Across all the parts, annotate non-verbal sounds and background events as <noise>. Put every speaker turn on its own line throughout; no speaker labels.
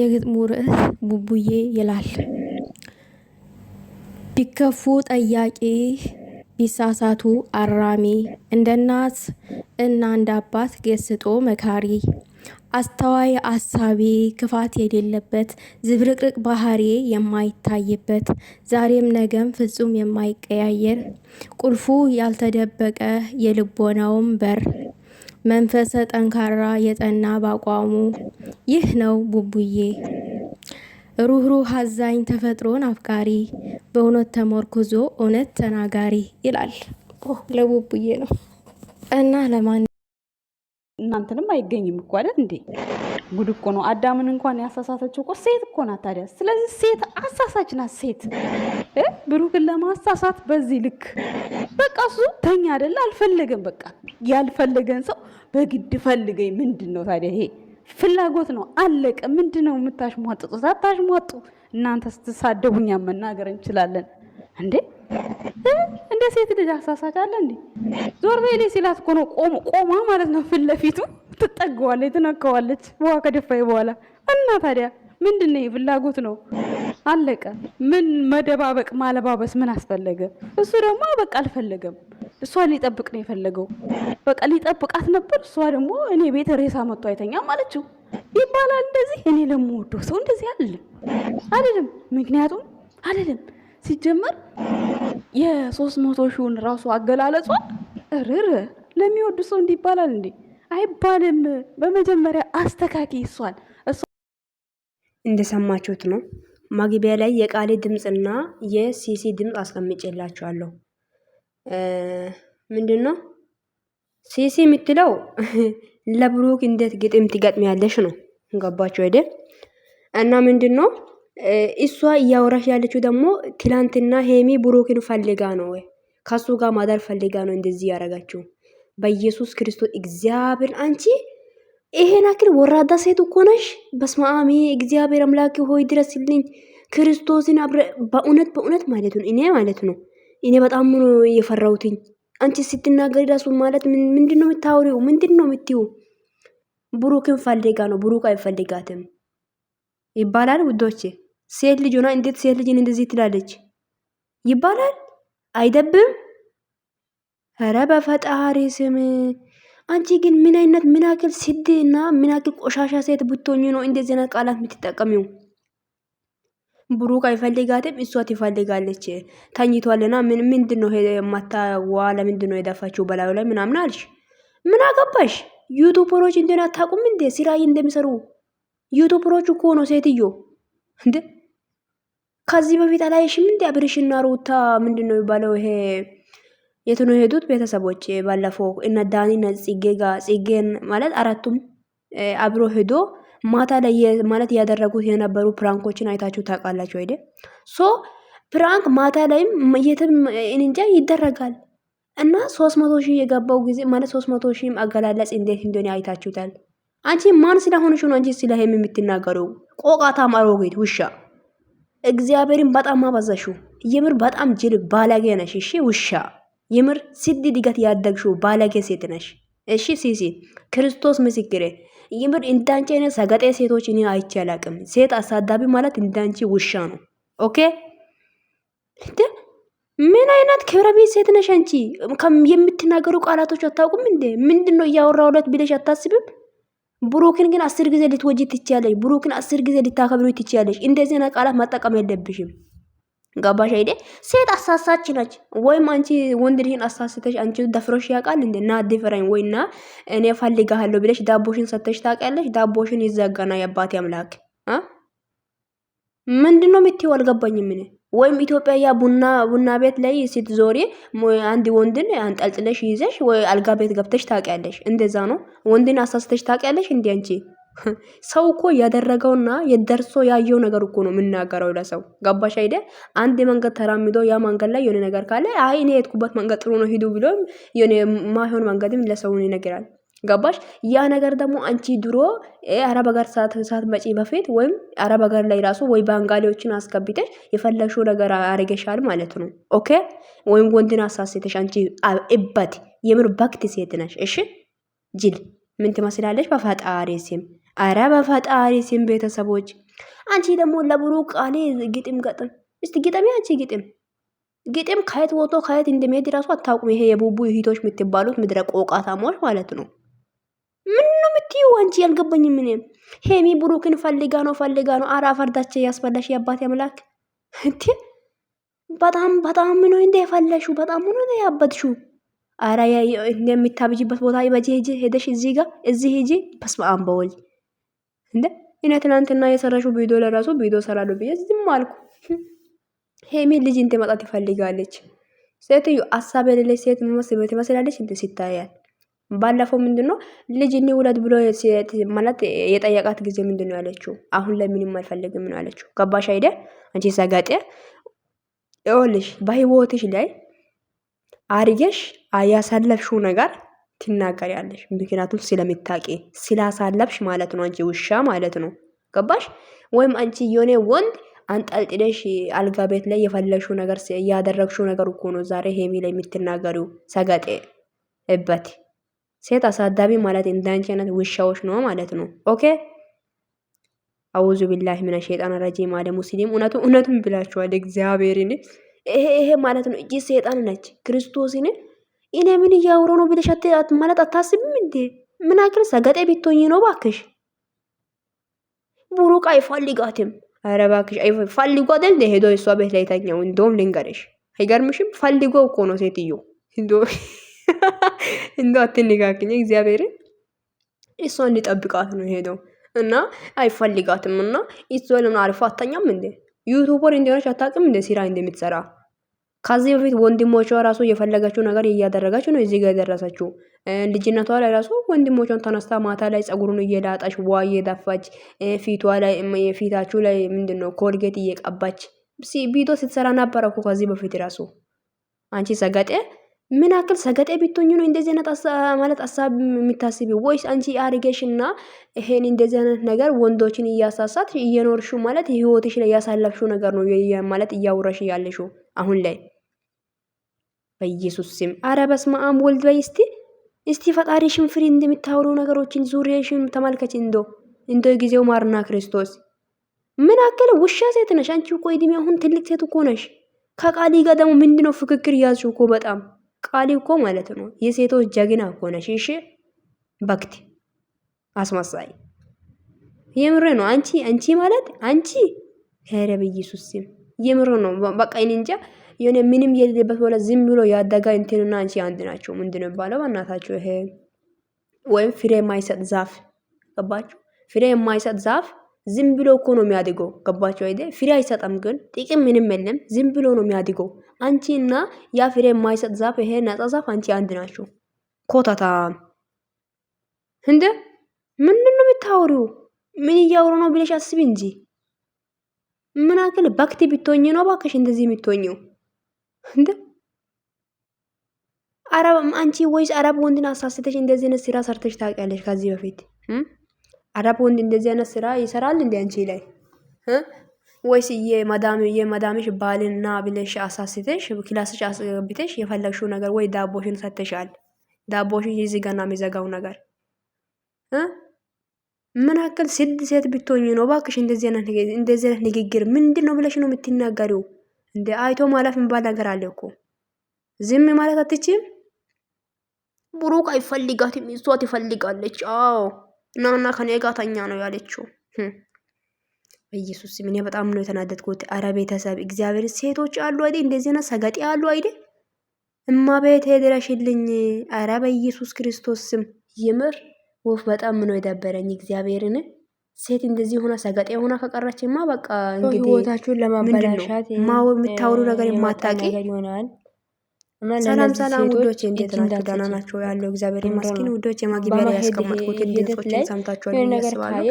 የግጥሙ ርዕስ ቡቡዬ ይላል። ቢከፉ ጠያቂ ቢሳሳቱ አራሚ እንደ እናት እና እንደ አባት ገስጦ መካሪ አስተዋይ አሳቢ ክፋት የሌለበት ዝብርቅርቅ ባህሪ የማይታይበት ዛሬም ነገም ፍጹም የማይቀያየር ቁልፉ ያልተደበቀ የልቦናውም በር መንፈሰ ጠንካራ የጠና ባቋሙ ይህ ነው ቡቡዬ። ሩህሩህ አዛኝ ተፈጥሮን አፍቃሪ በእውነት ተመርኩዞ እውነት ተናጋሪ ይላል። ለቡቡዬ ነው እና ለማን
እናንተንም አይገኝም እኮ አይደል እንዴ? ጉድ እኮ ነው። አዳምን እንኳን ያሳሳተችው እኮ ሴት እኮ ናት። ታዲያ ስለዚህ ሴት አሳሳች ናት። ሴት ብሩክን ለማሳሳት በዚህ ልክ በቃ እሱ ተኛ አይደለ አልፈለገን። በቃ ያልፈለገን ሰው በግድ ፈልገኝ ምንድን ነው ታዲያ? ይሄ ፍላጎት ነው አለቀ። ምንድን ነው የምታሽሟጥጡት? አታሽሟጡ እናንተ። ስትሳደቡኛ መናገር እንችላለን እንዴ እንደ ሴት ልጅ አሳሳች አለ እንዴ? ዞር ሲላት እኮ ነው ቆማ ማለት ነው ፊት ለፊቱ ትጠገዋለች፣ ትነካዋለች ውሃ ከደፋይ በኋላ እና ታዲያ ምንድን ነው ፍላጎት ነው። አለቀ። ምን መደባበቅ ማለባበስ ምን አስፈለገ? እሱ ደግሞ በቃ አልፈለገም። እሷ ሊጠብቅ ነው የፈለገው። በቃ ሊጠብቃት ነበር። እሷ ደግሞ እኔ ቤት ሬሳ መጥቶ አይተኛም አለችው ይባላል። እንደዚህ እኔ ለምወደው ሰው እንደዚህ አይደለም አይደለም። ምክንያቱም አይደለም ሲጀመር የሶስት መቶ ሺውን ራሱ አገላለጿ ርር ለሚወዱ ሰው እንዲባላል እንዴ? አይባልም። በመጀመሪያ አስተካኪ ይሷል። እንደሰማችሁት ነው። ማግቢያ ላይ የቃሌ ድምፅና የሲሲ ድምፅ አስቀምጬላችኋለሁ። ምንድን ነው ሲሲ የምትለው? <laughs> ለብሩክ እንዴት ግጥም ትገጥሚያለሽ ነው። ገባችሁ አይደል? እና ምንድን ነው እሷ እያወራሽ ያለችው ደግሞ ትላንትና ሄሚ ብሩክን ፈልጋ ነው ወይ ከሱ ጋር ማዳር ፈልጋ ነው እንደዚህ ያደረጋችሁ በኢየሱስ ክርስቶስ እግዚአብሔር አንቺ ይሄን አክል ወራዳ ሴት እኮ ነሽ። በስመ አብ እግዚአብሔር አምላክ ሆይ ድረስልኝ። ክርስቶስን አብረ በእውነት በእውነት ማለት ነው እኔ ማለት ነው እኔ በጣም ነው የፈራሁትኝ። አንቺ ስትናገሪ ራሱ ማለት ምንድን ነው የምታወሪው? ምንድን ነው የምትዩ? ብሩክን ፈልጋ ነው ብሩክ አይፈልጋትም ይባላል። ውዶች ሴት ልጅ ሆና እንዴት ሴት ልጅን እንደዚህ ትላለች ይባላል። አይደብም? ኧረ በፈጣሪ ስም አንቺ ግን ምን አይነት ምን አክል ስድ እና ምን ያክል ቆሻሻ ሴት ብትሆኚ ነው እንደዚህ አይነት ቃላት የምትጠቀሚው? ብሩክ አይፈልጋትም፣ እሷ ትፈልጋለች። ተኝቷልና ምን ምንድን ነው የማታዋ? ለምንድን ነው የደፋችው በላዩ ላይ ምናምን አልሽ። ምን አገባሽ? ዩቱበሮች እንደሆነ አታቁም እንዴ? ስራዬ እንደሚሰሩ ዩቱበሮች እኮ ነው። ሴትዮ እንዴ ከዚህ በፊት አላየሽም እንዴ? አብርሽና ሩታ ምንድን ነው የሚባለው ይሄ የት ነው የሄዱት? ቤተሰቦች ባለፈው እነ ዳኒ ጽጌ ጋ ጽጌን ማለት አራቱም አብሮ ሄዶ ማታ ላይ ማለት እያደረጉት የነበሩ ፕራንኮችን አይታችሁ ታውቃላችሁ አይደ? ሶ ፕራንክ ማታ ላይም የትም እንጃ ይደረጋል እና ሶስት መቶ ሺህ የገባው ጊዜ ማለት ሶስት መቶ ሺህም አገላለጽ እንዴት እንደሆነ አይታችሁታል። አንቺ ማን ስለሆንሽ ነው አንቺ ስለ ሄም የምትናገረው? ቆቃታም አሮጌት ውሻ እግዚአብሔርን በጣም አበዛሹ። የምር በጣም ጅል ባለጌ ነሽ። እሺ ውሻ የምር ስድ ድጋት ያደግሹ ባለጌ ሴት ነሽ። እሺ ሲሲ ክርስቶስ ምስክሬ፣ የምር እንዳንቺ አይነት ሰገጤ ሴቶች እኔ አይቼ አላቅም። ሴት አሳዳቢ ማለት እንዳንቺ ውሻ ነው። ኦኬ እንዴ! ምን አይነት ክብረ ቤት ሴት ነሽ አንቺ? የምትናገሩ ቃላቶች አታውቁም እንዴ? ምንድን ነው እያወራሁለት ብለሽ አታስብም? ብሩክን ግን አስር ጊዜ ልትወጂ ትችያለሽ። ብሩክን አስር ጊዜ ልታከብሪ ትችያለሽ። እንደዚህ አይነት ቃላት መጠቀም የለብሽም። ገባሽ አይዴ? ሴት አሳሳች ነች። ወይም አንቺ ወንድ ልጅን አሳስተሽ አንቺ ደፍሮሽ ያውቃል እንዴ? ና ዲፈረን ወይ ና እኔ ፈልጋለሁ ብለሽ ዳቦሽን ሰተሽ ታውቂያለሽ? ዳቦሽን ይዘጋና የአባቴ አምላክ ምንድነው ነው የምትይው? አልገባኝም። ምን ወይም ኢትዮጵያ ያ ቡና ቡና ቤት ላይ ስትዞሪ አንድ ወንድን አንጠልጥለሽ ይዘሽ ወይ አልጋ ቤት ገብተሽ ታውቂያለሽ? እንደዛ ነው። ወንድን አሳስተሽ ታውቂያለሽ እንዴ አንቺ? ሰው እኮ ያደረገውና የደርሶ ያየው ነገር እኮ ነው የምናገረው ለሰው። ገባሽ አይደ? አንድ መንገድ ተራምዶ ያ መንገድ ላይ የሆነ ነገር ካለ አይ እኔ የትኩበት መንገድ ጥሩ ነው ሂዱ ብሎ የሆነ ማይሆን መንገድም ለሰው ይነግራል። ገባሽ? ያ ነገር ደግሞ አንቺ ድሮ አረብ ሀገር መጪ በፊት ወይም አረብ ሀገር ላይ ራሱ ወይ ባንጋሊዎችን አስገብተሽ የፈለግሽው ነገር አርገሻል ማለት ነው። ኦኬ። ወይም ወንድን አሳሴተሽ አንቺ እበት የምር በክት ሴት ነሽ። እሺ ጅል ምን ትመስላለች? በፈጣሪ ስም አረ በፈጣሪ ስም ቤተሰቦች፣ አንቺ ደግሞ ለብሩክ ቃሌ ግጥም ገጥም እስቲ ግጥም፣ አንቺ ግጥም ግጥም ከየት ወጥቶ ከየት እንደሚሄድ ራሱ አታውቁም። ይሄ የቡቡ እህቶች የምትባሉት ምድረ ቆቃታሞች ማለት ነው። ምን ነው የምትይው አንቺ? ያልገባኝ ምን ሄሚ ብሩክን ፈልጋ ነው ፈልጋ ነው። አራ ፈርዳቸ ያስፈላሽ የአባት ያምላክ እንቲ በጣም በጣም ነው እንደ የፈለሹ በጣም ነው እንደ አራ አረ እንደምታብጅበት ቦታ በጂ ሄጂ ሄደሽ እዚህ ጋር እዚህ ሄጂ በስመ አብ በወልድ እንደ እኔ ትናንትና የሰራሹ ቪዲዮ ለራሱ ቪዲዮ ሰራለሁ ብዬ ዝም አልኩ። ሄሚ ልጅ እንት መጣት ትፈልጋለች። ሴትዮ አሳብ የሌለች ሴት መስበት ትመስላለች እንት ሲታያል። ባለፈው ምንድነው ልጅ እኔ ውለድ ብሎ ማለት የጠየቃት ጊዜ ምንድነው ያለችው? አሁን ላይ ምንም አልፈልግም ነው ያለችው። ገባሽ አይደ አንቺ ሰጋጤ ይኸውልሽ በህይወትሽ ላይ አርገሽ ያሳለፍሽው ነገር ትናገሪያለሽ። ምክንያቱም ስለምታቂ ስላሳለብሽ ማለት ነው። አንቺ ውሻ ማለት ነው። ገባሽ? ወይም አንቺ የሆነ ወንድ አንጠልጥለሽ አልጋ ቤት ላይ የፈለሹ ነገር ያደረግሽው ነገር እኮ ነው ዛሬ ሄሚ ላይ የምትናገሪው። ሰገጤ እበት ሴት አሳዳቢ ማለት እንዳንቺ አይነት ውሻዎች ነው ማለት ነው። ኦኬ አውዙ ቢላህ ምን ሸይጣን ረጂም ማለ ሙስሊም። እውነቱ እውነቱም ብላችኋል። እግዚአብሔርን ይሄ ይሄ ማለት ነው እጅ ሴጣን ነች ክርስቶስን እኔ ምን እያወሩ ነው ብለሽ ማለት አታስብም እንዴ? ምን ያክል ሰገጤ ቢቶኝ ነው ባክሽ። ቡሩቅ አይፈልጋትም። ኧረ ባክሽ ፈልጎ አይደል ሄዶ እሷ ቤት ላይ ተኛው። እንደውም ልንገርሽ፣ አይገርምሽም? ፈልጎ እኮ ነው ሴትዮ። እንዶ <laughs> አትንጋክኝ እግዚአብሔር እሷ እንዲጠብቃት ነው ሄደው እና አይፈልጋትም። እና እሷ ለምን አርፋ አታኛም እንዴ? ዩቱበር እንደሆነች አታውቅም እንደ ሲራ እንደምትሰራ ከዚህ በፊት ወንድሞቿ ራሱ የፈለገችው ነገር እያደረገች ነው እዚህ ጋር የደረሰችው። ልጅነቷ ላይ ራሱ ወንድሞቿን ተነስታ ማታ ላይ ጸጉሩን እየላጣች ዋ እየዳፋች ፊቷ ላይ ፊታችሁ ላይ ምንድን ነው ኮልጌት እየቀባች ቢቶ ስትሰራ ነበረ እኮ ከዚህ በፊት ራሱ። አንቺ ሰገጤ ምን አክል ሰገጤ ቢቶኝ ነው እንደዚህ አይነት ማለት ሀሳብ የሚታስቢ ወይስ አንቺ አርጌሽ እና ይሄን እንደዚህ አይነት ነገር ወንዶችን እያሳሳት እየኖርሹ ማለት ህይወትሽ ላይ እያሳለፍሹ ነገር ነው ማለት እያውረሽ ያለሹ አሁን ላይ በኢየሱስ ስም አረ በስመ አብ ወልድ በይ እስቲ እስቲ ፈጣሪሽን ፍሪ። እንደምታወሩ ነገሮችን ዙሪያሽን ተመልከች። እንዶ እንዶ ጊዜው ማርና ክርስቶስ ምን አከለ ውሻ ሴት ነሽ አንቺ እኮ እድሜ አሁን ትልቅ ሴት እኮ ነሽ። ከቃሊ ጋር ደግሞ ምንድነው ፍክክር ያዝሽ እኮ በጣም ቃሊ እኮ ማለት ነው የሴቶች ጀግና እኮ ነሽ። እሺ በክት አስመሳይ የምሬ ነው። አንቺ አንቺ ማለት አንቺ ሄረ በኢየሱስ ስም የምሬ ነው። በቃ እኔ እንጃ የሆነ ምንም የሌለበት በኋላ ዝም ብሎ ያደጋ እንትንና አንቺ አንድ ናቸው። ምንድነው የሚባለው? እናታቸው ይሄ ወይም ፍሬ የማይሰጥ ዛፍ ገባችሁ? ፍሬ የማይሰጥ ዛፍ ዝም ብሎ እኮ ነው የሚያድገው። ገባችሁ አይደ? ፍሬ አይሰጠም፣ ግን ጥቅም ምንም የለም። ዝም ብሎ ነው የሚያድገው። አንቺ እና ያ ፍሬ የማይሰጥ ዛፍ ይሄ ነጻ ዛፍ አንቺ አንድ ናቸው። ኮታታ እንደ ምንድን ነው የምታወሪው? ምን እያወሩ ነው ብለሽ አስቢ እንጂ ምን አክል ባክቲ ብትሆኝ ነው ባክሽ እንደዚህ የምትሆኝው? እንደ አረብ አንቺ ወይስ አረብ ወንድን አሳስተሽ እንደዚህ አይነት ስራ ሰርተሽ ታውቂያለሽ? ከዚህ በፊት አረብ ወንድ እንደዚህ አይነት ስራ ይሰራል እንዴ አንቺ ላይ ወይስ የመዳምሽ ባልና ብለሽ አሳስተሽ ክላስሽ አስገብተሽ የፈለግሽው ነገር ወይ ዳቦሽን ሰተሻል? ዳቦሽን ይህ ገና የሚዘጋው ነገር ምን ያክል ስድ ሴት ብትሆኝ ነው? ባክሽ እንደዚህ አይነት ንግግር ምንድን ነው ብለሽ ነው የምትናገሪው? እንደ አይቶ ማለፍ የሚባል ነገር አለ እኮ። ዝም ማለት አትችም። ብሩክ አይፈልጋትም፣ እሷ ትፈልጋለች። አዎ እናና ከኔ ጋር ተኛ ነው ያለችው። ኢየሱስ ምን በጣም ነው የተናደድኩት። አረ ቤተሰብ እግዚአብሔር ሴቶች አሉ አይደል? እንደዚህ ነው ሰገጤ አሉ አይደል? እማ ቤት ድረሽልኝ። አረ በኢየሱስ ክርስቶስ ስም ይምር ወፍ በጣም ነው የደበረኝ እግዚአብሔርን ሴት እንደዚህ ሆና ሰገጤ ሆና ከቀረችማ በቃ እንግዲህ ህይወታችሁን ለማበላሻት ማው የምታወሩ ነገር የማታቂ ይሆናል። ሰላም ሰላም ውዶች፣ እንዴት ናችሁ? ደህና ናችሁ? ያለው እግዚአብሔር ይመስገን ውዶቼ። ማግቢያ ላይ ያስቀመጥኩት ድምጾችን ሰምታችኋል የሚያስባሉ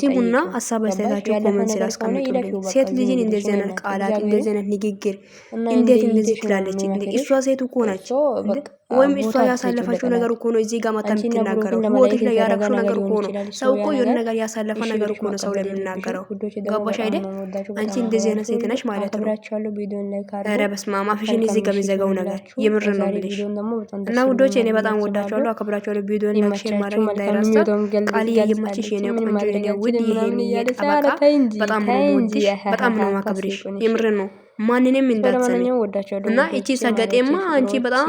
ሲሙና ሀሳብ አስተያየታችሁ ኮመንት ስር አስቀምጡልኝ። ሴት ልጅን እንደዚህ አይነት ቃላት እንደዚህ አይነት ንግግር እንዴት እንደዚህ ትላለች? እሷ ሴት እኮ ናቸው። ወይም እሷ ያሳለፈችው ነገር እኮ ነው። እዚህ ጋር ማታ የምትናገረው ህይወትሽ ላይ ያረግሽው ነገር እኮ ነው። ሰው እኮ የሆነ ነገር ያሳለፈ ነገር እኮ ነው ሰው ላይ የምናገረው። ገባሽ አይደል? አንቺ እንደዚህ አይነት ሴት ነሽ ማለት ነው። ረ በስመ አብ አፍሽን እዚህ ጋር የሚዘጋው ነገር የምር ነው የምልሽ። እና ውዶች እኔ በጣም ወዳቸዋለሁ፣ አከብራቸዋለሁ። ቪዲዮን ላክሽን ማድረግ እንዳይረሳ። ቃል የማችሽ የኔ ቆንጆ የኔ ውድ ይሄን ጠበቃ በጣም ነው ወድሽ፣ በጣም ነው ማከብርሽ። የምር ነው ማንንም እንዳትሰሚ እና እቺ ሰገጤማ አንቺ በጣም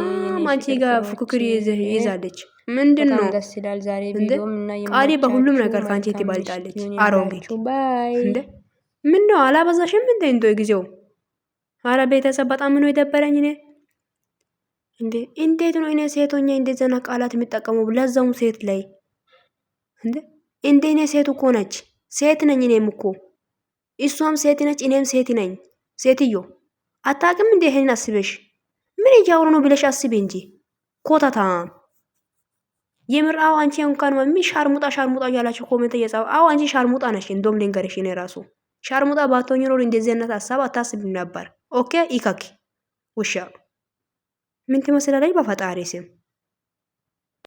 አንቺ ጋር ፉክክር ይዛለች። ምንድን ነው ቃሌ በሁሉም ነገር ከአንቺ ትበልጣለች። አሮጌት እንደ ምን ነው አላበዛሽም? እንደ እንዶ ጊዜው አረ ቤተሰብ በጣም ነው የደበረኝ እኔ እንዴ እንዴት ነው እኔ ሴቶኛ እንዴት ዘና ቃላት የሚጠቀሙ ለዛውም ሴት ላይ እንዴ እንዴ እኔ ሴት እኮ ነች ሴት ነኝ እኔም እኮ እሷም ሴት ነች እኔም ሴት ነኝ ሴትዮ አታቅም እንዴ? ይሄን አስበሽ ምን እያወሩ ነው ብለሽ አስቤ እንጂ ኮታታ የምርአው አንቺ እንኳን ማሚ ሻርሙጣ ሻርሙጣ እያላቸው ኮሜንት እየጻፈ አዎ፣ አንቺ ሻርሙጣ ነሽ። እንደውም ልንገርሽ እኔ ራሱ ሻርሙጣ ባትሆኚ ኖሮ እንደዚህ አይነት ሀሳብ አታስቢም ነበር። ኦኬ ኢካኪ ውሻ ምን ትመስላለች በፈጣሪ ስም።